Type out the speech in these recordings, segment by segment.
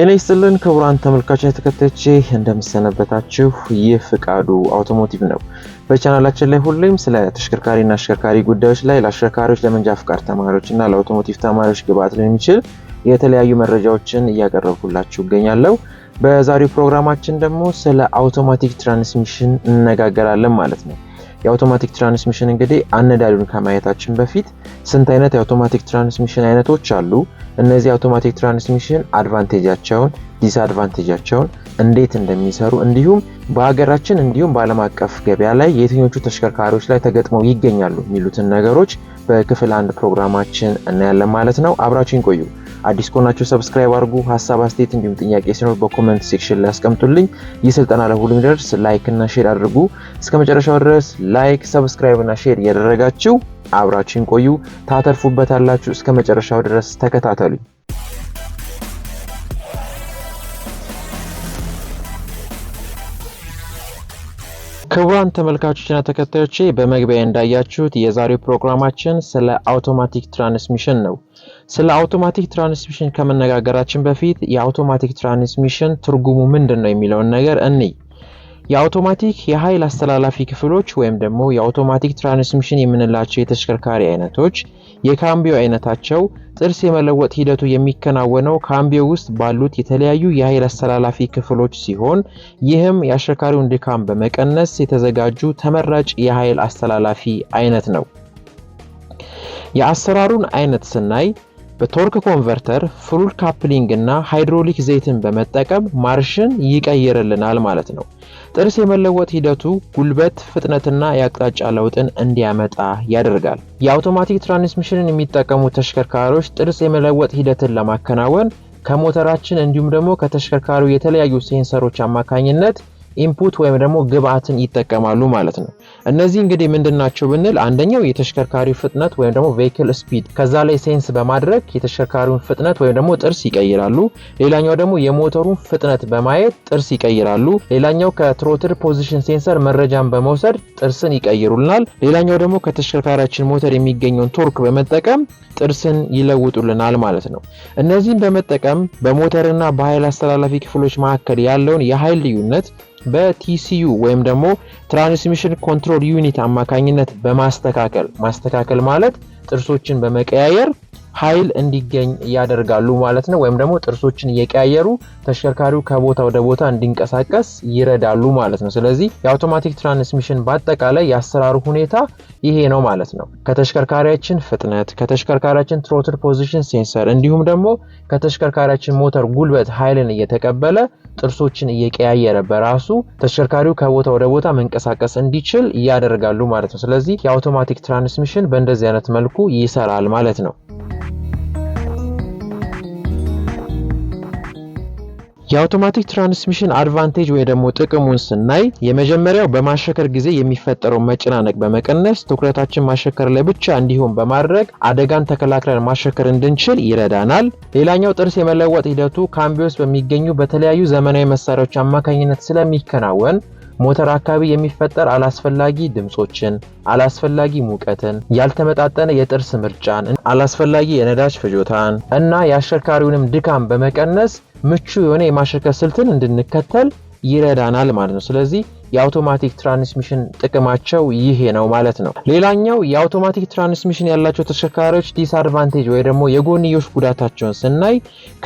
ጤና ይስጥልን ክቡራን ተመልካች ተከታዮቼ እንደምሰነበታችሁ። ይህ ፍቃዱ አውቶሞቲቭ ነው። በቻናላችን ላይ ሁሌም ስለ ተሽከርካሪና አሽከርካሪ ጉዳዮች ላይ ለአሽከርካሪዎች፣ ለመንጃ ፍቃድ ተማሪዎችና ለአውቶሞቲቭ ተማሪዎች ግብዓት ሊሆን የሚችል የተለያዩ መረጃዎችን እያቀረብኩላችሁ እገኛለሁ። በዛሬው ፕሮግራማችን ደግሞ ስለ አውቶማቲክ ትራንስሚሽን እነጋገራለን ማለት ነው። የአውቶማቲክ ትራንስሚሽን እንግዲህ አነዳዱን ከማየታችን በፊት ስንት አይነት የአውቶማቲክ ትራንስሚሽን አይነቶች አሉ? እነዚህ የአውቶማቲክ ትራንስሚሽን አድቫንቴጃቸውን፣ ዲስአድቫንቴጃቸውን እንዴት እንደሚሰሩ እንዲሁም በሀገራችን እንዲሁም በዓለም አቀፍ ገበያ ላይ የትኞቹ ተሽከርካሪዎች ላይ ተገጥመው ይገኛሉ የሚሉትን ነገሮች በክፍል አንድ ፕሮግራማችን እናያለን ማለት ነው። አብራችን ቆዩ። አዲስ ከሆናችሁ ሰብስክራይብ አድርጉ። ሀሳብ አስተያየት፣ እንዲሁም ጥያቄ ሲኖር በኮመንት ሴክሽን ላይ አስቀምጡልኝ። ይህ ስልጠና ለሁሉም ይደርስ ላይክ እና ሼር አድርጉ። እስከ መጨረሻው ድረስ ላይክ፣ ሰብስክራይብ እና ሼር እያደረጋችሁ አብራችን ቆዩ። ታተርፉበታላችሁ። እስከ መጨረሻው ድረስ ተከታተሉኝ። ክቡራን ተመልካቾችና ተከታዮቼ በመግቢያ እንዳያችሁት የዛሬው ፕሮግራማችን ስለ አውቶማቲክ ትራንስሚሽን ነው። ስለ አውቶማቲክ ትራንስሚሽን ከመነጋገራችን በፊት የአውቶማቲክ ትራንስሚሽን ትርጉሙ ምንድን ነው የሚለውን ነገር እንይ። የአውቶማቲክ የኃይል አስተላላፊ ክፍሎች ወይም ደግሞ የአውቶማቲክ ትራንስሚሽን የምንላቸው የተሽከርካሪ አይነቶች የካምቢዮ አይነታቸው ጥርስ የመለወጥ ሂደቱ የሚከናወነው ካምቢዮ ውስጥ ባሉት የተለያዩ የኃይል አስተላላፊ ክፍሎች ሲሆን ይህም የአሽከርካሪውን ድካም በመቀነስ የተዘጋጁ ተመራጭ የኃይል አስተላላፊ አይነት ነው። የአሰራሩን አይነት ስናይ በቶርክ ኮንቨርተር ፍሩል ካፕሊንግ እና ሃይድሮሊክ ዘይትን በመጠቀም ማርሽን ይቀይርልናል ማለት ነው። ጥርስ የመለወጥ ሂደቱ ጉልበት፣ ፍጥነትና የአቅጣጫ ለውጥን እንዲያመጣ ያደርጋል። የአውቶማቲክ ትራንስሚሽንን የሚጠቀሙ ተሽከርካሪዎች ጥርስ የመለወጥ ሂደትን ለማከናወን ከሞተራችን እንዲሁም ደግሞ ከተሽከርካሪው የተለያዩ ሴንሰሮች አማካኝነት ኢንፑት ወይም ደግሞ ግብአትን ይጠቀማሉ ማለት ነው። እነዚህ እንግዲህ ምንድን ናቸው ብንል አንደኛው የተሽከርካሪ ፍጥነት ወይም ደግሞ ቬክል ስፒድ፣ ከዛ ላይ ሴንስ በማድረግ የተሽከርካሪውን ፍጥነት ወይም ደግሞ ጥርስ ይቀይራሉ። ሌላኛው ደግሞ የሞተሩን ፍጥነት በማየት ጥርስ ይቀይራሉ። ሌላኛው ከትሮትል ፖዚሽን ሴንሰር መረጃን በመውሰድ ጥርስን ይቀይሩልናል። ሌላኛው ደግሞ ከተሽከርካሪያችን ሞተር የሚገኘውን ቶርክ በመጠቀም ጥርስን ይለውጡልናል ማለት ነው። እነዚህን በመጠቀም በሞተርና በኃይል አስተላላፊ ክፍሎች መካከል ያለውን የኃይል ልዩነት በቲሲዩ ወይም ደግሞ ትራንስሚሽን ኮንትሮል ዩኒት አማካኝነት በማስተካከል ማስተካከል ማለት ጥርሶችን በመቀያየር ኃይል እንዲገኝ ያደርጋሉ ማለት ነው። ወይም ደግሞ ጥርሶችን እየቀያየሩ ተሽከርካሪው ከቦታ ወደ ቦታ እንዲንቀሳቀስ ይረዳሉ ማለት ነው። ስለዚህ የአውቶማቲክ ትራንስሚሽን በአጠቃላይ የአሰራሩ ሁኔታ ይሄ ነው ማለት ነው። ከተሽከርካሪያችን ፍጥነት፣ ከተሽከርካሪያችን ትሮትል ፖዚሽን ሴንሰር እንዲሁም ደግሞ ከተሽከርካሪያችን ሞተር ጉልበት ኃይልን እየተቀበለ ጥርሶችን እየቀያየረ በራሱ ተሽከርካሪው ከቦታ ወደ ቦታ መንቀሳቀስ እንዲችል ያደርጋሉ ማለት ነው። ስለዚህ የአውቶማቲክ ትራንስሚሽን በእንደዚህ አይነት መልኩ ይሰራል ማለት ነው። የአውቶማቲክ ትራንስሚሽን አድቫንቴጅ ወይ ደግሞ ጥቅሙን ስናይ የመጀመሪያው በማሸከር ጊዜ የሚፈጠረው መጨናነቅ በመቀነስ ትኩረታችን ማሸከር ላይ ብቻ እንዲሆን በማድረግ አደጋን ተከላክለን ማሸከር እንድንችል ይረዳናል። ሌላኛው ጥርስ የመለወጥ ሂደቱ ካምቢዮስ በሚገኙ በተለያዩ ዘመናዊ መሳሪያዎች አማካኝነት ስለሚከናወን ሞተር አካባቢ የሚፈጠር አላስፈላጊ ድምጾችን፣ አላስፈላጊ ሙቀትን፣ ያልተመጣጠነ የጥርስ ምርጫን፣ አላስፈላጊ የነዳጅ ፍጆታን እና የአሽከርካሪውንም ድካም በመቀነስ ምቹ የሆነ የማሽከርከር ስልትን እንድንከተል ይረዳናል ማለት ነው። ስለዚህ የአውቶማቲክ ትራንስሚሽን ጥቅማቸው ይሄ ነው ማለት ነው። ሌላኛው የአውቶማቲክ ትራንስሚሽን ያላቸው ተሽከርካሪዎች ዲስአድቫንቴጅ ወይ ደግሞ የጎንዮሽ ጉዳታቸውን ስናይ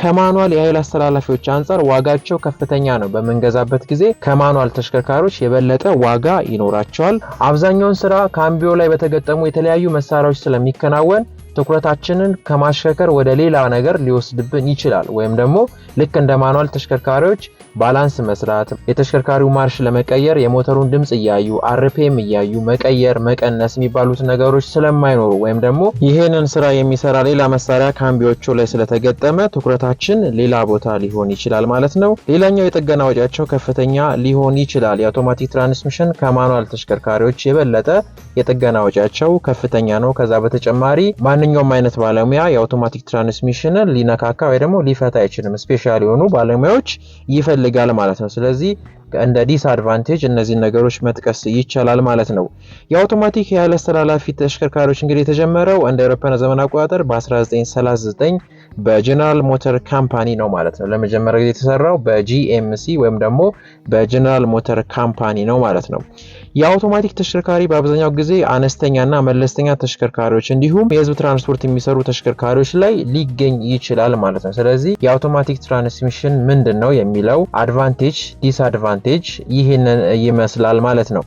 ከማኑዋል የኃይል አስተላላፊዎች አንጻር ዋጋቸው ከፍተኛ ነው። በምንገዛበት ጊዜ ከማኑዋል ተሽከርካሪዎች የበለጠ ዋጋ ይኖራቸዋል። አብዛኛውን ስራ ካምቢዮ ላይ በተገጠሙ የተለያዩ መሳሪያዎች ስለሚከናወን ትኩረታችንን ከማሽከርከር ወደ ሌላ ነገር ሊወስድብን ይችላል። ወይም ደግሞ ልክ እንደ ማኑዋል ተሽከርካሪዎች ባላንስ መስራት፣ የተሽከርካሪው ማርሽ ለመቀየር የሞተሩን ድምፅ እያዩ አርፔም እያዩ መቀየር፣ መቀነስ የሚባሉት ነገሮች ስለማይኖሩ ወይም ደግሞ ይህንን ስራ የሚሰራ ሌላ መሳሪያ ካምቢዎቹ ላይ ስለተገጠመ ትኩረታችን ሌላ ቦታ ሊሆን ይችላል ማለት ነው። ሌላኛው የጥገና ወጪያቸው ከፍተኛ ሊሆን ይችላል። የአውቶማቲክ ትራንስሚሽን ከማኑዋል ተሽከርካሪዎች የበለጠ የጥገና ወጪያቸው ከፍተኛ ነው። ከዛ በተጨማሪ ማንኛውም አይነት ባለሙያ የአውቶማቲክ ትራንስሚሽንን ሊነካካ ወይ ደግሞ ሊፈታ አይችልም። ስፔሻል የሆኑ ባለሙያዎች ይፈልጋል ማለት ነው። ስለዚህ እንደ ዲስ አድቫንቴጅ እነዚህን ነገሮች መጥቀስ ይቻላል ማለት ነው። የአውቶማቲክ የኃይል አስተላላፊ ተሽከርካሪዎች እንግዲህ የተጀመረው እንደ አውሮፓውያን ዘመን አቆጣጠር በ1939 በጀነራል ሞተር ካምፓኒ ነው ማለት ነው። ለመጀመሪያ ጊዜ የተሰራው በጂኤምሲ ወይም ደግሞ በጀነራል ሞተር ካምፓኒ ነው ማለት ነው። የአውቶማቲክ ተሽከርካሪ በአብዛኛው ጊዜ አነስተኛና መለስተኛ ተሽከርካሪዎች እንዲሁም የህዝብ ትራንስፖርት የሚሰሩ ተሽከርካሪዎች ላይ ሊገኝ ይችላል ማለት ነው። ስለዚህ የአውቶማቲክ ትራንስሚሽን ምንድን ነው የሚለው አድቫንቴጅ፣ ዲስአድቫንቴጅ ይህንን ይመስላል ማለት ነው።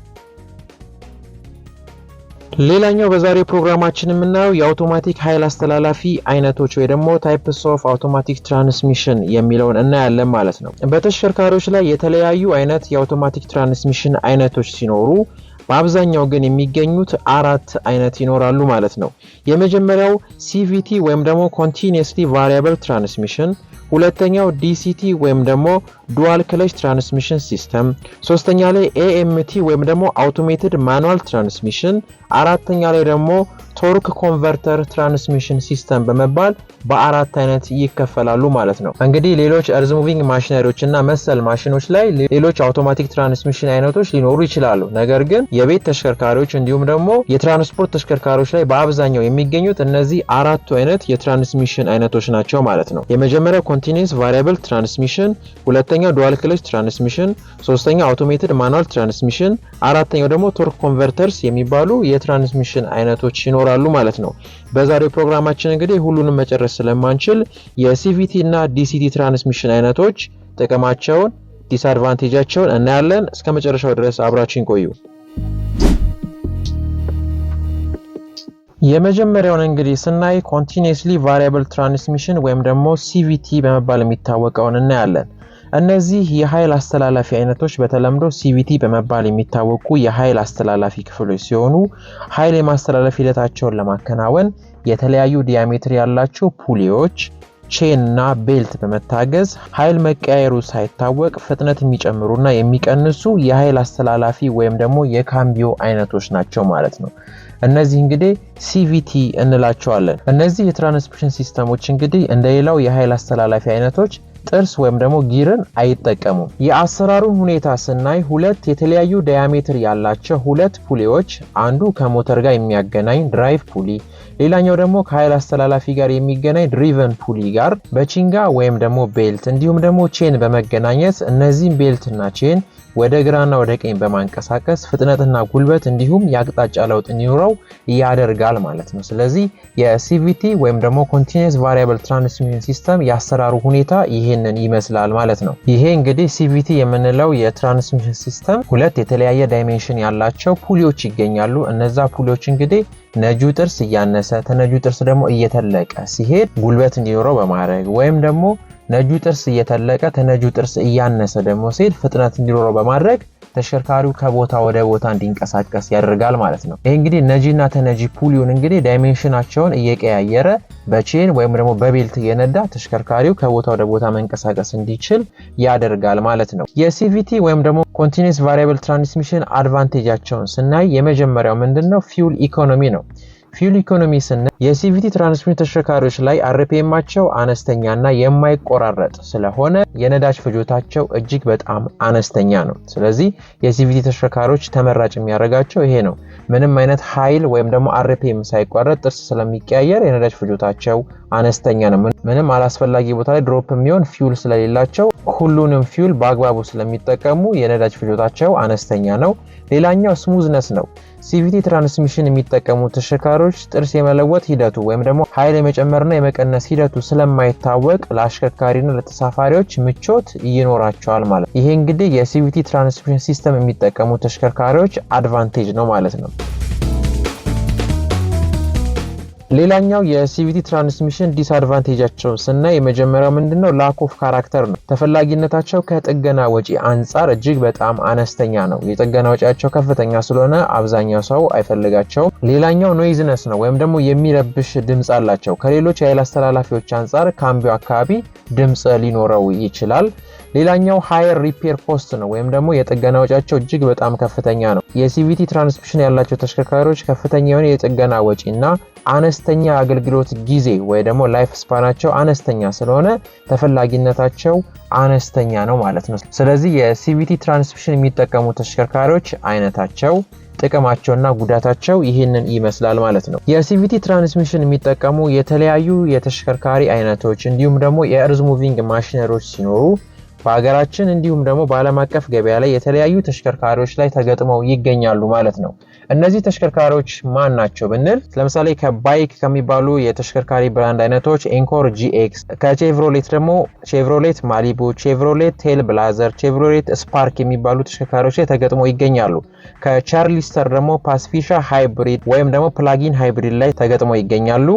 ሌላኛው በዛሬ ፕሮግራማችን የምናየው የአውቶማቲክ ኃይል አስተላላፊ አይነቶች ወይ ደግሞ ታይፕስ ኦፍ አውቶማቲክ ትራንስሚሽን የሚለውን እናያለን ማለት ነው። በተሽከርካሪዎች ላይ የተለያዩ አይነት የአውቶማቲክ ትራንስሚሽን አይነቶች ሲኖሩ በአብዛኛው ግን የሚገኙት አራት አይነት ይኖራሉ ማለት ነው። የመጀመሪያው ሲቪቲ ወይም ደግሞ ኮንቲኒየስሊ ቫሪያብል ትራንስሚሽን ሁለተኛው ዲሲቲ ወይም ደግሞ ዱዋል ክለች ትራንስሚሽን ሲስተም፣ ሶስተኛ ላይ ኤኤምቲ ወይም ደግሞ አውቶሜትድ ማኑዋል ትራንስሚሽን፣ አራተኛ ላይ ደግሞ ቶርክ ኮንቨርተር ትራንስሚሽን ሲስተም በመባል በአራት አይነት ይከፈላሉ ማለት ነው። እንግዲህ ሌሎች እርዝ ሙቪንግ ማሽነሪዎች እና መሰል ማሽኖች ላይ ሌሎች አውቶማቲክ ትራንስሚሽን አይነቶች ሊኖሩ ይችላሉ። ነገር ግን የቤት ተሽከርካሪዎች እንዲሁም ደግሞ የትራንስፖርት ተሽከርካሪዎች ላይ በአብዛኛው የሚገኙት እነዚህ አራቱ አይነት የትራንስሚሽን አይነቶች ናቸው ማለት ነው። የመጀመሪያው ኮንቲኒስ ቫሪያብል ትራንስሚሽን፣ ሁለተኛው ዱዋል ክለች ትራንስሚሽን፣ ሶስተኛው አውቶሜትድ ማኑዋል ትራንስሚሽን፣ አራተኛው ደግሞ ቶርክ ኮንቨርተርስ የሚባሉ የትራንስሚሽን አይነቶች ይኖራሉ ማለት ነው። በዛሬው ፕሮግራማችን እንግዲህ ሁሉንም መጨረስ ስለማንችል የሲቪቲ እና ዲሲቲ ትራንስሚሽን አይነቶች ጥቅማቸውን፣ ዲስአድቫንቴጃቸውን እናያለን። እስከ መጨረሻው ድረስ አብራችን ቆዩ። የመጀመሪያውን እንግዲህ ስናይ ኮንቲኒስሊ ቫሪያብል ትራንስሚሽን ወይም ደግሞ ሲቪቲ በመባል የሚታወቀውን እናያለን። እነዚህ የኃይል አስተላላፊ አይነቶች በተለምዶ ሲቪቲ በመባል የሚታወቁ የኃይል አስተላላፊ ክፍሎች ሲሆኑ ኃይል የማስተላለፍ ሂደታቸውን ለማከናወን የተለያዩ ዲያሜትር ያላቸው ፑሊዎች ቼንና ቤልት በመታገዝ ኃይል መቀያየሩ ሳይታወቅ ፍጥነት የሚጨምሩና የሚቀንሱ የኃይል አስተላላፊ ወይም ደግሞ የካምቢዮ አይነቶች ናቸው ማለት ነው። እነዚህ እንግዲህ ሲቪቲ እንላቸዋለን። እነዚህ የትራንስሚሽን ሲስተሞች እንግዲህ እንደሌላው የኃይል አስተላላፊ አይነቶች ጥርስ ወይም ደግሞ ጊርን አይጠቀሙም። የአሰራሩን ሁኔታ ስናይ ሁለት የተለያዩ ዳያሜትር ያላቸው ሁለት ፑሌዎች፣ አንዱ ከሞተር ጋር የሚያገናኝ ድራይቭ ፑሊ፣ ሌላኛው ደግሞ ከኃይል አስተላላፊ ጋር የሚገናኝ ድሪቨን ፑሊ ጋር በቺንጋ ወይም ደግሞ ቤልት እንዲሁም ደግሞ ቼን በመገናኘት እነዚህም ቤልትና ቼን ወደ ግራና ወደ ቀኝ በማንቀሳቀስ ፍጥነትና ጉልበት እንዲሁም የአቅጣጫ ለውጥ እንዲኖረው ያደርጋል ማለት ነው። ስለዚህ የሲቪቲ ወይም ደግሞ ኮንቲኒየስ ቫሪያብል ትራንስሚሽን ሲስተም የአሰራሩ ሁኔታ ይህንን ይመስላል ማለት ነው። ይሄ እንግዲህ ሲቪቲ የምንለው የትራንስሚሽን ሲስተም ሁለት የተለያየ ዳይሜንሽን ያላቸው ፑሊዎች ይገኛሉ። እነዛ ፑሊዎች እንግዲህ ነጁ ጥርስ እያነሰ ተነጁ ጥርስ ደግሞ እየተለቀ ሲሄድ ጉልበት እንዲኖረው በማድረግ ወይም ደግሞ ነጁ ጥርስ እየተለቀ ተነጁ ጥርስ እያነሰ ደግሞ ሲሄድ ፍጥነት እንዲኖረው በማድረግ ተሽከርካሪው ከቦታ ወደ ቦታ እንዲንቀሳቀስ ያደርጋል ማለት ነው። ይህ እንግዲህ ነጂና ተነጂ ፑሊውን እንግዲህ ዳይሜንሽናቸውን እየቀያየረ በቼን ወይም ደግሞ በቤልት እየነዳ ተሽከርካሪው ከቦታ ወደ ቦታ መንቀሳቀስ እንዲችል ያደርጋል ማለት ነው። የሲቪቲ ወይም ደግሞ ኮንቲኒስ ቫሪያብል ትራንስሚሽን አድቫንቴጃቸውን ስናይ የመጀመሪያው ምንድን ነው? ፊውል ኢኮኖሚ ነው። ፊውል ኢኮኖሚ ስንል የሲቪቲ ትራንስሚት ተሽከርካሪዎች ላይ አርፒኤማቸው አነስተኛና የማይቆራረጥ ስለሆነ የነዳጅ ፍጆታቸው እጅግ በጣም አነስተኛ ነው። ስለዚህ የሲቪቲ ተሽከርካሪዎች ተመራጭ የሚያደርጋቸው ይሄ ነው። ምንም አይነት ኃይል ወይም ደግሞ አርፒኤም ሳይቋረጥ ጥርስ ስለሚቀያየር የነዳጅ ፍጆታቸው አነስተኛ ነው። ምንም አላስፈላጊ ቦታ ላይ ድሮፕ የሚሆን ፊውል ስለሌላቸው ሁሉንም ፊውል በአግባቡ ስለሚጠቀሙ የነዳጅ ፍጆታቸው አነስተኛ ነው። ሌላኛው ስሙዝነስ ነው። ሲቪቲ ትራንስሚሽን የሚጠቀሙ ተሽከርካሪዎች ጥርስ የመለወጥ ሂደቱ ወይም ደግሞ ኃይል የመጨመርና የመቀነስ ሂደቱ ስለማይታወቅ ለአሽከርካሪና ለተሳፋሪዎች ምቾት ይኖራቸዋል ማለት ነው። ይሄ እንግዲህ የሲቪቲ ትራንስሚሽን ሲስተም የሚጠቀሙ ተሽከርካሪዎች አድቫንቴጅ ነው ማለት ነው። ሌላኛው የሲቪቲ ትራንስሚሽን ዲስአድቫንቴጃቸውን ስናይ የመጀመሪያው ምንድነው ላክ ኦፍ ካራክተር ነው። ተፈላጊነታቸው ከጥገና ወጪ አንጻር እጅግ በጣም አነስተኛ ነው። የጥገና ወጪያቸው ከፍተኛ ስለሆነ አብዛኛው ሰው አይፈልጋቸውም። ሌላኛው ኖይዝነስ ነው ወይም ደግሞ የሚረብሽ ድምፅ አላቸው። ከሌሎች የኃይል አስተላላፊዎች አንጻር ካምቢው አካባቢ ድምፅ ሊኖረው ይችላል። ሌላኛው ሃየር ሪፔር ኮስት ነው ወይም ደግሞ የጥገና ወጫቸው እጅግ በጣም ከፍተኛ ነው። የሲቪቲ ትራንስሚሽን ያላቸው ተሽከርካሪዎች ከፍተኛ የሆነ የጥገና ወጪ እና አነስተኛ አገልግሎት ጊዜ ወይ ደግሞ ላይፍ ስፓናቸው አነስተኛ ስለሆነ ተፈላጊነታቸው አነስተኛ ነው ማለት ነው። ስለዚህ የሲቪቲ ትራንስሚሽን የሚጠቀሙ ተሽከርካሪዎች አይነታቸው ጥቅማቸውና ጉዳታቸው ይህንን ይመስላል ማለት ነው። የሲቪቲ ትራንስሚሽን የሚጠቀሙ የተለያዩ የተሽከርካሪ አይነቶች እንዲሁም ደግሞ የእርዝ ሙቪንግ ማሽነሮች ሲኖሩ በሀገራችን እንዲሁም ደግሞ በዓለም አቀፍ ገበያ ላይ የተለያዩ ተሽከርካሪዎች ላይ ተገጥመው ይገኛሉ ማለት ነው። እነዚህ ተሽከርካሪዎች ማን ናቸው ብንል ለምሳሌ ከባይክ ከሚባሉ የተሽከርካሪ ብራንድ አይነቶች ኤንኮር ጂኤክስ፣ ከቼቭሮሌት ደግሞ ቼቭሮሌት ማሊቡ፣ ቼቭሮሌት ቴል ብላዘር፣ ቼቭሮሌት ስፓርክ የሚባሉ ተሽከርካሪዎች ላይ ተገጥመው ይገኛሉ። ከቻርሊስተር ደግሞ ፓስፊሻ ሃይብሪድ ወይም ደግሞ ፕላጊን ሃይብሪድ ላይ ተገጥመው ይገኛሉ።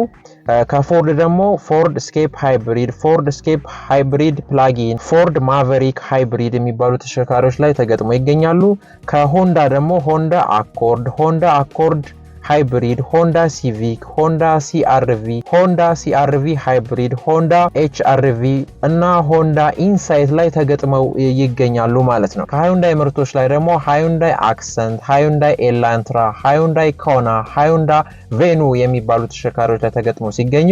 Uh, ከፎርድ ደግሞ ፎርድ ስኬፕ ሃይብሪድ፣ ፎርድ ስኬፕ ሃይብሪድ ፕላጊን፣ ፎርድ ማቨሪክ ሃይብሪድ የሚባሉ ተሽከርካሪዎች ላይ ተገጥሞ ይገኛሉ። ከሆንዳ ደግሞ ሆንዳ አኮርድ፣ ሆንዳ አኮርድ ሃይብሪድ፣ ሆንዳ ሲቪክ፣ ሆንዳ ሲአርቪ፣ ሆንዳ ሲአርቪ ሃይብሪድ፣ ሆንዳ ኤችአርቪ እና ሆንዳ ኢንሳይት ላይ ተገጥመው ይገኛሉ ማለት ነው። ከሃዩንዳይ ምርቶች ላይ ደግሞ ሃዩንዳይ አክሰንት፣ ሃዩንዳይ ኤላንትራ፣ ሃዩንዳይ ኮና፣ ሃዩንዳ ቬኑ የሚባሉ ተሽከርካሪዎች ላይ ተገጥመው ሲገኙ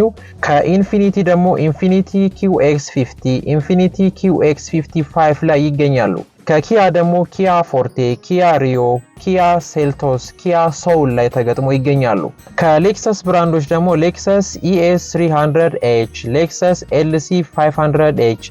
ከኢንፊኒቲ ደግሞ ኢንፊኒቲ ኪውኤክስ 50፣ ኢንፊኒቲ ኪውኤክስ 55 ላይ ይገኛሉ። ከኪያ ደግሞ ኪያ ፎርቴ፣ ኪያ ሪዮ፣ ኪያ ሴልቶስ፣ ኪያ ሶውል ላይ ተገጥሞ ይገኛሉ። ከሌክሰስ ብራንዶች ደግሞ ሌክሰስ ኢኤስ 300 ኤች፣ ሌክሰስ ኤልሲ 500 ኤች፣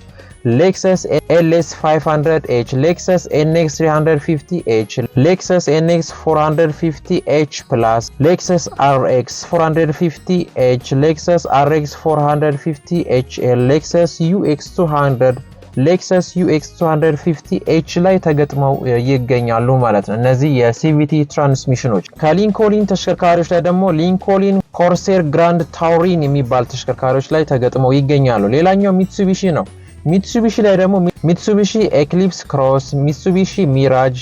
ሌክሰስ ኤልኤስ 500 ኤች፣ ሌክሰስ ኤንኤክስ 350 ኤች፣ ሌክሰስ ኤንኤክስ 450 ኤች ፕላስ፣ ሌክሰስ አርኤክስ 450 ኤች፣ ሌክሰስ አርኤክስ 450 ኤች ሌክሰስ አርኤክስ 450 ኤች ሌክሰስ ዩኤክስ 200 ሌክሰስ ux 250 ኤች ላይ ተገጥመው ይገኛሉ ማለት ነው። እነዚህ የሲቪቲ ትራንስሚሽኖች ከሊንኮሊን ተሽከርካሪዎች ላይ ደግሞ ሊንኮሊን ኮርሴር ግራንድ ታውሪን የሚባል ተሽከርካሪዎች ላይ ተገጥመው ይገኛሉ። ሌላኛው ሚትሱቢሺ ነው። ሚትሱቢሺ ላይ ደግሞ ሚትሱቢሺ ኤክሊፕስ ክሮስ፣ ሚትሱቢሺ ሚራጅ፣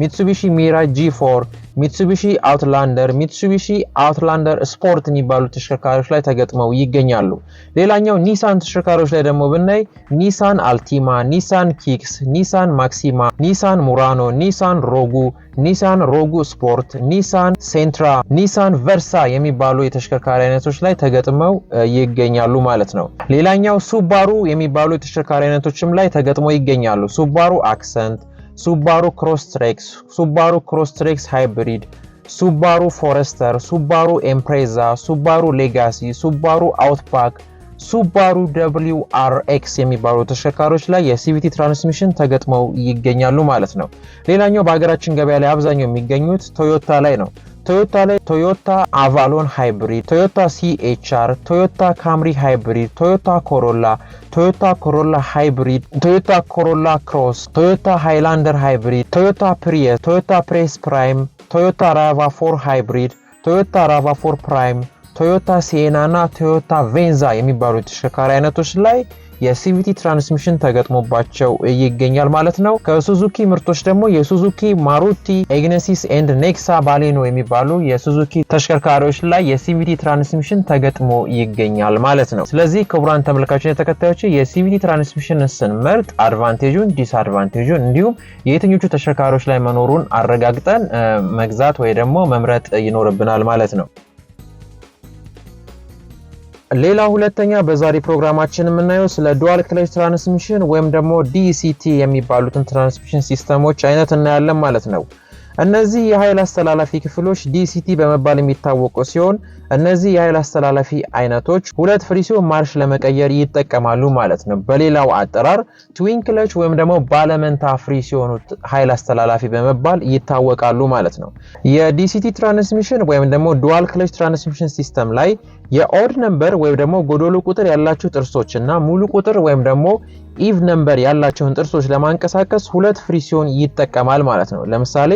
ሚትሱቢሺ ሚራጅ ጂ4 ሚትሱቢሺ አውትላንደር፣ ሚትሱቢሺ አውትላንደር ስፖርት የሚባሉ ተሽከርካሪዎች ላይ ተገጥመው ይገኛሉ። ሌላኛው ኒሳን ተሽከርካሪዎች ላይ ደግሞ ብናይ ኒሳን አልቲማ፣ ኒሳን ኪክስ፣ ኒሳን ማክሲማ፣ ኒሳን ሙራኖ፣ ኒሳን ሮጉ ኒሳን ሮጉ ስፖርት፣ ኒሳን ሴንትራ፣ ኒሳን ቨርሳ የሚባሉ የተሽከርካሪ አይነቶች ላይ ተገጥመው ይገኛሉ ማለት ነው። ሌላኛው ሱባሩ የሚባሉ የተሽከርካሪ አይነቶችም ላይ ተገጥመው ይገኛሉ። ሱባሩ አክሰንት፣ ሱባሩ ክሮስትሬክስ፣ ሱባሩ ክሮስትሬክስ ሃይብሪድ፣ ሱባሩ ፎረስተር፣ ሱባሩ ኤምፕሬዛ፣ ሱባሩ ሌጋሲ፣ ሱባሩ አውትባክ፣ ሱባሩ ደብሊው አር ኤክስ የሚባሉ ተሽከርካሪዎች ላይ የሲቪቲ ትራንስሚሽን ተገጥመው ይገኛሉ ማለት ነው። ሌላኛው በሀገራችን ገበያ ላይ አብዛኛው የሚገኙት ቶዮታ ላይ ነው። ቶዮታ ላይ ቶዮታ አቫሎን ሃይብሪድ፣ ቶዮታ ሲኤችአር፣ ቶዮታ ካምሪ ሃይብሪድ፣ ቶዮታ ኮሮላ፣ ቶዮታ ኮሮላ ሃይብሪድ፣ ቶዮታ ኮሮላ ክሮስ፣ ቶዮታ ሃይላንደር ሃይብሪድ፣ ቶዮታ ፕሪየስ፣ ቶዮታ ፕሬስ ፕራይም፣ ቶዮታ ራቫ ፎር ሃይብሪድ፣ ቶዮታ ራቫ ፎር ፕራይም፣ ቶዮታ ሲኤና እና ቶዮታ ቬንዛ የሚባሉ ተሽከርካሪ አይነቶች ላይ የሲቪቲ ትራንስሚሽን ተገጥሞባቸው ይገኛል ማለት ነው። ከሱዙኪ ምርቶች ደግሞ የሱዙኪ ማሩቲ፣ ኤግነሲስ ኤንድ ኔክሳ ባሌኖ የሚባሉ የሱዙኪ ተሽከርካሪዎች ላይ የሲቪቲ ትራንስሚሽን ተገጥሞ ይገኛል ማለት ነው። ስለዚህ ክቡራን ተመልካቾች የተከታዮች የሲቪቲ ትራንስሚሽን ስንመርጥ አድቫንቴጁን፣ ዲስአድቫንቴጁን እንዲሁም የየትኞቹ ተሽከርካሪዎች ላይ መኖሩን አረጋግጠን መግዛት ወይ ደግሞ መምረጥ ይኖርብናል ማለት ነው። ሌላ ሁለተኛ በዛሬ ፕሮግራማችን የምናየው ስለ ዱዋል ክለች ትራንስሚሽን ወይም ደግሞ ዲሲቲ የሚባሉትን ትራንስሚሽን ሲስተሞች አይነት እናያለን ማለት ነው። እነዚህ የኃይል አስተላላፊ ክፍሎች ዲሲቲ በመባል የሚታወቁ ሲሆን እነዚህ የኃይል አስተላላፊ አይነቶች ሁለት ፍሪሲዮን ማርሽ ለመቀየር ይጠቀማሉ ማለት ነው። በሌላው አጠራር ትዊን ክለች ወይም ደግሞ ባለመንታ ፍሪ ኃይል አስተላላፊ በመባል ይታወቃሉ ማለት ነው። የዲሲቲ ትራንስሚሽን ወይም ደግሞ ዱዋል ክለች ትራንስሚሽን ሲስተም ላይ የኦድ ነምበር ወይም ደግሞ ጎዶሎ ቁጥር ያላቸው ጥርሶች እና ሙሉ ቁጥር ወይም ደግሞ ኢቭ ነምበር ያላቸውን ጥርሶች ለማንቀሳቀስ ሁለት ፍሪ ሲሆን ይጠቀማል ማለት ነው። ለምሳሌ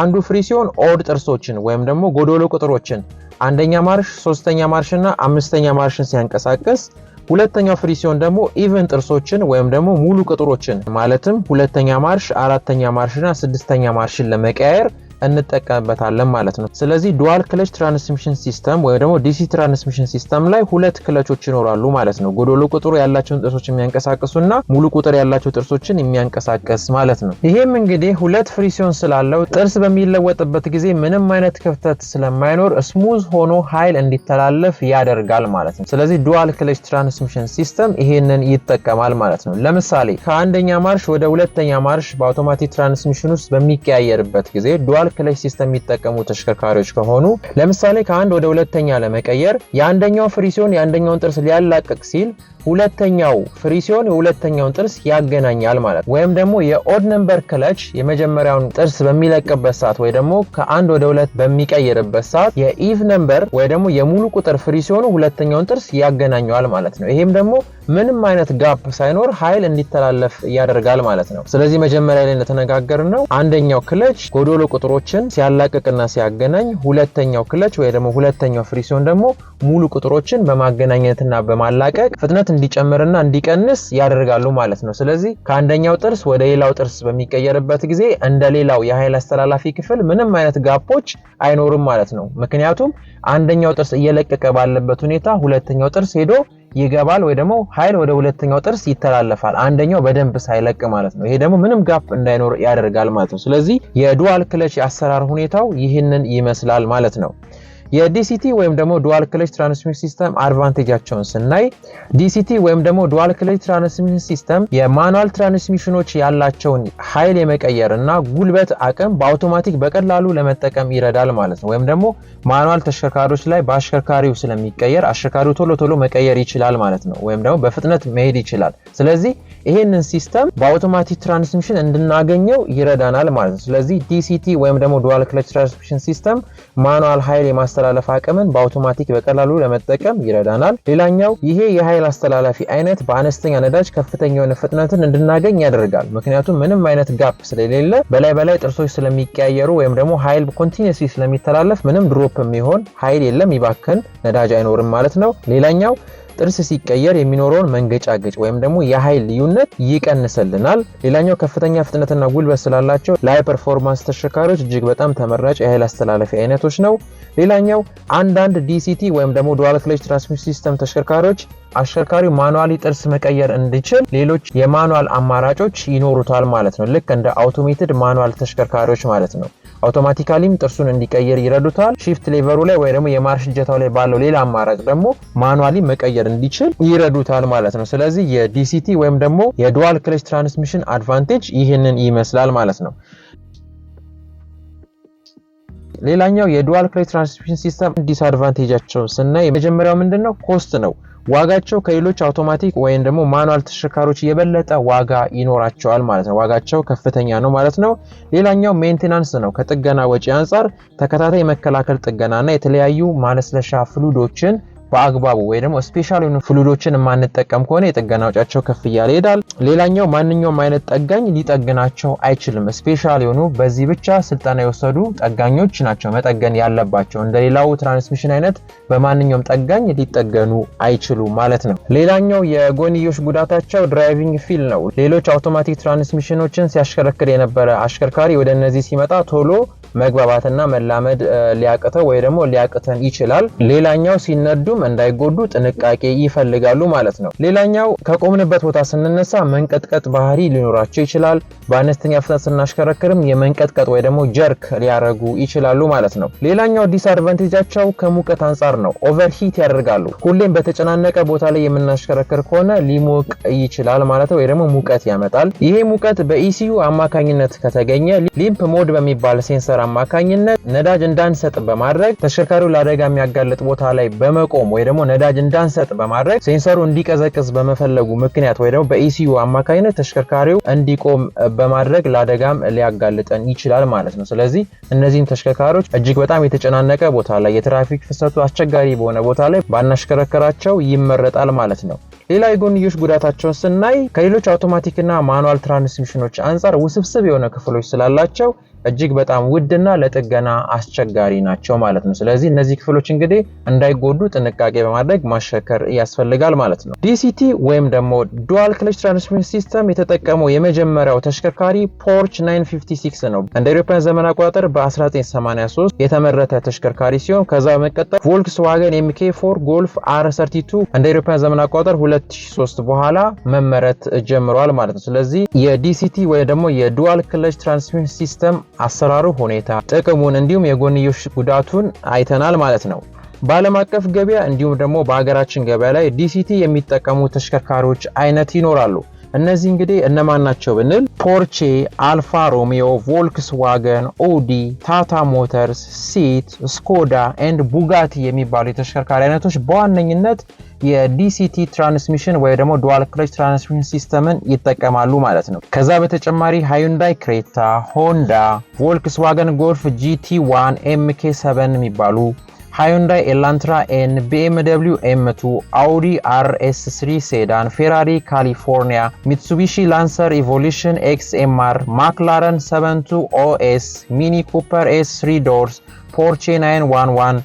አንዱ ፍሪ ሲሆን ኦድ ጥርሶችን ወይም ደግሞ ጎዶሎ ቁጥሮችን አንደኛ ማርሽ፣ ሶስተኛ ማርሽ እና አምስተኛ ማርሽን ሲያንቀሳቀስ፣ ሁለተኛው ፍሪ ሲሆን ደግሞ ኢቭን ጥርሶችን ወይም ደግሞ ሙሉ ቁጥሮችን ማለትም ሁለተኛ ማርሽ፣ አራተኛ ማርሽ እና ስድስተኛ ማርሽን ለመቀያየር እንጠቀምበታለን ማለት ነው። ስለዚህ ዱዋል ክለች ትራንስሚሽን ሲስተም ወይም ደግሞ ዲሲ ትራንስሚሽን ሲስተም ላይ ሁለት ክለቾች ይኖራሉ ማለት ነው። ጎዶሎ ቁጥሩ ያላቸውን ጥርሶች የሚያንቀሳቅሱና ሙሉ ቁጥር ያላቸው ጥርሶችን የሚያንቀሳቅስ ማለት ነው። ይሄም እንግዲህ ሁለት ፍሪሲዮን ስላለው ጥርስ በሚለወጥበት ጊዜ ምንም አይነት ክፍተት ስለማይኖር ስሙዝ ሆኖ ኃይል እንዲተላለፍ ያደርጋል ማለት ነው። ስለዚህ ዱዋል ክለች ትራንስሚሽን ሲስተም ይሄንን ይጠቀማል ማለት ነው። ለምሳሌ ከአንደኛ ማርሽ ወደ ሁለተኛ ማርሽ በአውቶማቲክ ትራንስሚሽን ውስጥ በሚቀያየርበት ጊዜ ዱዋል ክለች ሲስተም የሚጠቀሙ ተሽከርካሪዎች ከሆኑ ለምሳሌ ከአንድ ወደ ሁለተኛ ለመቀየር የአንደኛው ፍሪ ሲሆን የአንደኛውን ጥርስ ሊያላቅቅ ሲል ሁለተኛው ፍሪ ሲሆን የሁለተኛውን ጥርስ ያገናኛል ማለት ወይም ደግሞ የኦድ ነምበር ክለች የመጀመሪያውን ጥርስ በሚለቅበት ሰዓት ወይ ደግሞ ከአንድ ወደ ሁለት በሚቀይርበት ሰዓት የኢቭ ነምበር ወይ ደግሞ የሙሉ ቁጥር ፍሪ ሲሆኑ ሁለተኛውን ጥርስ ያገናኘዋል ማለት ነው። ይሄም ደግሞ ምንም አይነት ጋፕ ሳይኖር ኃይል እንዲተላለፍ ያደርጋል ማለት ነው። ስለዚህ መጀመሪያ ላይ እንደተነጋገር ነው አንደኛው ክለች ጎዶሎ ቁጥሮ ቁጥሮችን ሲያላቅቅና ሲያገናኝ ሁለተኛው ክለች ወይ ደግሞ ሁለተኛው ፍሪ ሲሆን ደግሞ ሙሉ ቁጥሮችን በማገናኘትና በማላቀቅ ፍጥነት እንዲጨምርና እንዲቀንስ ያደርጋሉ ማለት ነው። ስለዚህ ከአንደኛው ጥርስ ወደ ሌላው ጥርስ በሚቀየርበት ጊዜ እንደ ሌላው የኃይል አስተላላፊ ክፍል ምንም አይነት ጋፖች አይኖርም ማለት ነው። ምክንያቱም አንደኛው ጥርስ እየለቀቀ ባለበት ሁኔታ ሁለተኛው ጥርስ ሄዶ ይገባል ወይ ደግሞ ኃይል ወደ ሁለተኛው ጥርስ ይተላለፋል። አንደኛው በደንብ ሳይለቅ ማለት ነው። ይሄ ደግሞ ምንም ጋፕ እንዳይኖር ያደርጋል ማለት ነው። ስለዚህ የዱዋል ክለች አሰራር ሁኔታው ይህንን ይመስላል ማለት ነው። የዲሲቲ ወይም ደግሞ ዱዋል ክለች ትራንስሚሽን ሲስተም አድቫንቴጃቸውን ስናይ ዲሲቲ ወይም ደግሞ ዱዋል ክለች ትራንስሚሽን ሲስተም የማኑዋል ትራንስሚሽኖች ያላቸውን ኃይል የመቀየር እና ጉልበት አቅም በአውቶማቲክ በቀላሉ ለመጠቀም ይረዳል ማለት ነው። ወይም ደግሞ ማኑዋል ተሽከርካሪዎች ላይ በአሽከርካሪው ስለሚቀየር አሽከርካሪው ቶሎ ቶሎ መቀየር ይችላል ማለት ነው። ወይም ደግሞ በፍጥነት መሄድ ይችላል። ስለዚህ ይህንን ሲስተም በአውቶማቲክ ትራንስሚሽን እንድናገኘው ይረዳናል ማለት ነው። ስለዚህ ዲሲቲ ወይም ደግሞ ዱዋል ክለች ትራንስሚሽን ሲስተም ማኑዋል ኃይል የማስ የማስተላለፍ አቅምን በአውቶማቲክ በቀላሉ ለመጠቀም ይረዳናል። ሌላኛው ይሄ የኃይል አስተላላፊ አይነት በአነስተኛ ነዳጅ ከፍተኛ የሆነ ፍጥነትን እንድናገኝ ያደርጋል። ምክንያቱም ምንም አይነት ጋፕ ስለሌለ በላይ በላይ ጥርሶች ስለሚቀያየሩ ወይም ደግሞ ኃይል ኮንቲኒስ ስለሚተላለፍ ምንም ድሮፕ የሚሆን ኃይል የለም፣ ይባክን ነዳጅ አይኖርም ማለት ነው። ሌላኛው ጥርስ ሲቀየር የሚኖረውን መንገጫገጭ ወይም ደግሞ የኃይል ልዩነት ይቀንስልናል። ሌላኛው ከፍተኛ ፍጥነትና ጉልበት ስላላቸው ለሃይ ፐርፎርማንስ ተሽከርካሪዎች እጅግ በጣም ተመራጭ የኃይል አስተላለፊ አይነቶች ነው። ሌላኛው አንዳንድ ዲሲቲ ወይም ደግሞ ዱዋል ክለች ትራንስሚሽን ሲስተም ተሽከርካሪዎች አሽከርካሪው ማኑዋሊ ጥርስ መቀየር እንዲችል ሌሎች የማኑዋል አማራጮች ይኖሩታል ማለት ነው። ልክ እንደ አውቶሜትድ ማኑዋል ተሽከርካሪዎች ማለት ነው። አውቶማቲካሊም ጥርሱን እንዲቀይር ይረዱታል። ሺፍት ሌቨሩ ላይ ወይ ደግሞ የማርሽ እጀታው ላይ ባለው ሌላ አማራጭ ደግሞ ማኑዋሊ መቀየር እንዲችል ይረዱታል ማለት ነው። ስለዚህ የዲሲቲ ወይም ደግሞ የዱዋል ክለች ትራንስሚሽን አድቫንቴጅ ይህንን ይመስላል ማለት ነው። ሌላኛው የዱዋል ክለች ትራንስሚሽን ሲስተም ዲስአድቫንቴጃቸው ስናይ የመጀመሪያው ምንድን ነው? ኮስት ነው። ዋጋቸው ከሌሎች አውቶማቲክ ወይም ደግሞ ማኑዋል ተሽከርካሪዎች የበለጠ ዋጋ ይኖራቸዋል ማለት ነው። ዋጋቸው ከፍተኛ ነው ማለት ነው። ሌላኛው ሜንቴናንስ ነው። ከጥገና ወጪ አንጻር ተከታታይ የመከላከል ጥገናና የተለያዩ ማለስለሻ ፍሉዶችን በአግባቡ ወይ ደግሞ ስፔሻል የሆኑ ፍሉዶችን የማንጠቀም ከሆነ የጥገና ወጪያቸው ከፍ እያለ ይሄዳል። ሌላኛው ማንኛውም አይነት ጠጋኝ ሊጠግናቸው አይችልም። ስፔሻል የሆኑ በዚህ ብቻ ስልጠና የወሰዱ ጠጋኞች ናቸው መጠገን ያለባቸው። እንደሌላው ትራንስሚሽን አይነት በማንኛውም ጠጋኝ ሊጠገኑ አይችሉ ማለት ነው። ሌላኛው የጎንዮሽ ጉዳታቸው ድራይቪንግ ፊል ነው። ሌሎች አውቶማቲክ ትራንስሚሽኖችን ሲያሽከረክር የነበረ አሽከርካሪ ወደ እነዚህ ሲመጣ ቶሎ መግባባትና መላመድ ሊያቅተው ወይ ደግሞ ሊያቅተን ይችላል። ሌላኛው ሲነዱም እንዳይጎዱ ጥንቃቄ ይፈልጋሉ ማለት ነው። ሌላኛው ከቆምንበት ቦታ ስንነሳ መንቀጥቀጥ ባህሪ ሊኖራቸው ይችላል። በአነስተኛ ፍጥነት ስናሽከረክርም የመንቀጥቀጥ ወይ ደግሞ ጀርክ ሊያረጉ ይችላሉ ማለት ነው። ሌላኛው ዲስአድቫንቴጃቸው ከሙቀት አንጻር ነው። ኦቨርሂት ያደርጋሉ። ሁሌም በተጨናነቀ ቦታ ላይ የምናሽከረክር ከሆነ ሊሞቅ ይችላል ማለት ነው፣ ወይ ደግሞ ሙቀት ያመጣል። ይሄ ሙቀት በኢሲዩ አማካኝነት ከተገኘ ሊምፕ ሞድ በሚባል ሴንሰር አማካኝነት ነዳጅ እንዳንሰጥ በማድረግ ተሽከርካሪው ለአደጋ የሚያጋልጥ ቦታ ላይ በመቆም ወይ ደግሞ ነዳጅ እንዳንሰጥ በማድረግ ሴንሰሩ እንዲቀዘቅዝ በመፈለጉ ምክንያት ወይ ደግሞ በኢሲዩ አማካኝነት ተሽከርካሪው እንዲቆም በማድረግ ለአደጋም ሊያጋልጠን ይችላል ማለት ነው። ስለዚህ እነዚህም ተሽከርካሪዎች እጅግ በጣም የተጨናነቀ ቦታ ላይ የትራፊክ ፍሰቱ አስቸጋሪ በሆነ ቦታ ላይ ባናሽከረከራቸው ይመረጣል ማለት ነው። ሌላ የጎንዮሽ ጉዳታቸውን ስናይ ከሌሎች አውቶማቲክና ማኑዋል ትራንስሚሽኖች አንጻር ውስብስብ የሆነ ክፍሎች ስላላቸው እጅግ በጣም ውድና ለጥገና አስቸጋሪ ናቸው ማለት ነው። ስለዚህ እነዚህ ክፍሎች እንግዲህ እንዳይጎዱ ጥንቃቄ በማድረግ ማሸከር ያስፈልጋል ማለት ነው። ዲሲቲ ወይም ደግሞ ዱዋል ክለች ትራንስሚሽን ሲስተም የተጠቀመው የመጀመሪያው ተሽከርካሪ ፖርች 956 ነው። እንደ ኢሮፓውያን ዘመን አቆጣጠር በ1983 የተመረተ ተሽከርካሪ ሲሆን ከዛ በመቀጠል ቮልክስዋገን ኤምኬ ፎር ጎልፍ አር 32 እንደ ኢሮፓውያን ዘመን አቆጣጠር 2003 በኋላ መመረት ጀምሯል ማለት ነው። ስለዚህ የዲሲቲ ወይም ደግሞ የዱዋል ክለች ትራንስሚሽን ሲስተም አሰራሩ ሁኔታ፣ ጥቅሙን እንዲሁም የጎንዮሽ ጉዳቱን አይተናል ማለት ነው። በዓለም አቀፍ ገበያ እንዲሁም ደግሞ በሀገራችን ገበያ ላይ ዲሲቲ የሚጠቀሙ ተሽከርካሪዎች አይነት ይኖራሉ። እነዚህ እንግዲህ እነማን ናቸው ብንል ፖርቼ፣ አልፋ ሮሚዮ፣ ቮልክስ ዋገን፣ ኦዲ፣ ታታ ሞተርስ፣ ሲት፣ ስኮዳ ኤንድ ቡጋቲ የሚባሉ የተሽከርካሪ አይነቶች በዋነኝነት የዲሲቲ ትራንስሚሽን ወይ ደግሞ ዱዋል ክለች ትራንስሚሽን ሲስተምን ይጠቀማሉ ማለት ነው። ከዛ በተጨማሪ ሃዩንዳይ ክሬታ፣ ሆንዳ፣ ቮልክስዋገን ጎልፍ፣ ጂቲ ዋን፣ ኤምኬ ሰቨን የሚባሉ ሃዩንዳይ ኤላንትራ ኤን፣ ቢኤምደብሊዩ ኤም2፣ አውዲ አርኤስ3 ሴዳን፣ ፌራሪ ካሊፎርኒያ፣ ሚትሱቢሺ ላንሰር ኢቮሉሽን ኤክስኤምአር፣ ማክላረን 7 ኦኤስ፣ ሚኒ ኩፐር ኤስ 3 ዶርስ፣ ፖርቼ 911፣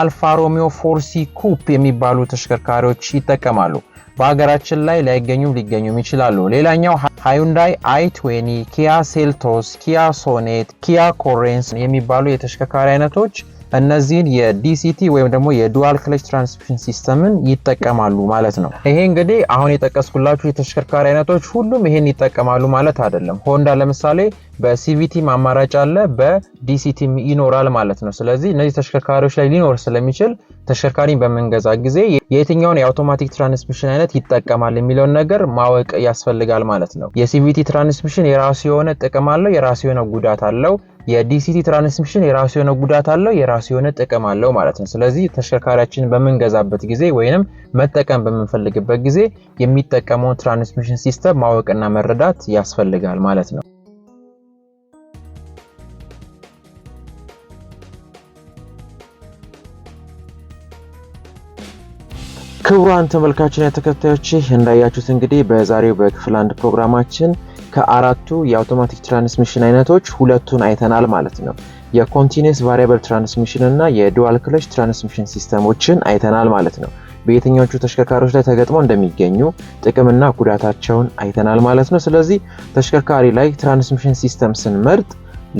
አልፋ ሮሚዮ ፎርሲ ኩፕ የሚባሉ ተሽከርካሪዎች ይጠቀማሉ። በሀገራችን ላይ ላይገኙም ሊገኙም ይችላሉ። ሌላኛው ሃዩንዳይ አይ ትዌኒ፣ ኪያ ሴልቶስ፣ ኪያ ሶኔት፣ ኪያ ኮሬንስ የሚባሉ የተሽከርካሪ አይነቶች እነዚህን የዲሲቲ ወይም ደግሞ የዱዋል ክለች ትራንስሚሽን ሲስተምን ይጠቀማሉ ማለት ነው። ይሄ እንግዲህ አሁን የጠቀስኩላችሁ የተሽከርካሪ አይነቶች ሁሉም ይሄን ይጠቀማሉ ማለት አይደለም። ሆንዳ ለምሳሌ በሲቪቲም አማራጭ አለ፣ በዲሲቲም ይኖራል ማለት ነው። ስለዚህ እነዚህ ተሽከርካሪዎች ላይ ሊኖር ስለሚችል ተሽከርካሪን በምንገዛ ጊዜ የትኛውን የአውቶማቲክ ትራንስሚሽን አይነት ይጠቀማል የሚለውን ነገር ማወቅ ያስፈልጋል ማለት ነው። የሲቪቲ ትራንስሚሽን የራሱ የሆነ ጥቅም አለው፣ የራሱ የሆነ ጉዳት አለው። የዲሲቲ ትራንስሚሽን የራሱ የሆነ ጉዳት አለው፣ የራሱ የሆነ ጥቅም አለው ማለት ነው። ስለዚህ ተሽከርካሪያችንን በምንገዛበት ጊዜ ወይንም መጠቀም በምንፈልግበት ጊዜ የሚጠቀመውን ትራንስሚሽን ሲስተም ማወቅና መረዳት ያስፈልጋል ማለት ነው። ክቡራን ተመልካችን ተከታዮች እንዳያችሁት እንግዲህ በዛሬው በክፍል አንድ ፕሮግራማችን ከአራቱ የአውቶማቲክ ትራንስሚሽን አይነቶች ሁለቱን አይተናል ማለት ነው። የኮንቲኒስ ቫሪያብል ትራንስሚሽን እና የዱዋል ክለች ትራንስሚሽን ሲስተሞችን አይተናል ማለት ነው። በየትኞቹ ተሽከርካሪዎች ላይ ተገጥመው እንደሚገኙ ጥቅምና ጉዳታቸውን አይተናል ማለት ነው። ስለዚህ ተሽከርካሪ ላይ ትራንስሚሽን ሲስተም ስንመርጥ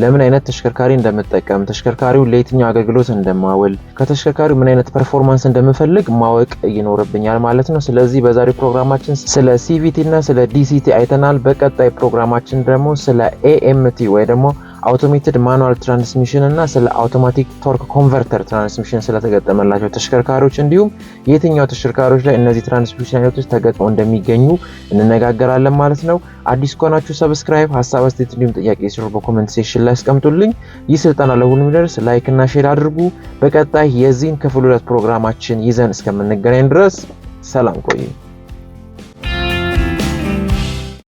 ለምን አይነት ተሽከርካሪ እንደምጠቀም፣ ተሽከርካሪው ለየትኛው አገልግሎት እንደማውል፣ ከተሽከርካሪው ምን አይነት ፐርፎርማንስ እንደምፈልግ ማወቅ ይኖርብኛል ማለት ነው። ስለዚህ በዛሬው ፕሮግራማችን ስለ ሲቪቲ እና ስለ ዲሲቲ አይተናል። በቀጣይ ፕሮግራማችን ደግሞ ስለ ኤኤምቲ ወይ ደግሞ አውቶሜትድ ማኑዋል ትራንስሚሽን እና ስለ አውቶማቲክ ቶርክ ኮንቨርተር ትራንስሚሽን ስለተገጠመላቸው ተሽከርካሪዎች እንዲሁም የትኛው ተሽከርካሪዎች ላይ እነዚህ ትራንስሚሽን አይነቶች ተገጥመው እንደሚገኙ እንነጋገራለን ማለት ነው። አዲስ ከሆናችሁ ሰብስክራይብ፣ ሀሳብ አስተያየት እንዲሁም ጥያቄ ሲኖር በኮመንት ሴሽን ላይ አስቀምጡልኝ። ይህ ስልጠና ለሁሉም ይደርስ ላይክ እና ሼር አድርጉ። በቀጣይ የዚህን ክፍል ሁለት ፕሮግራማችን ይዘን እስከምንገናኝ ድረስ ሰላም ቆዩ።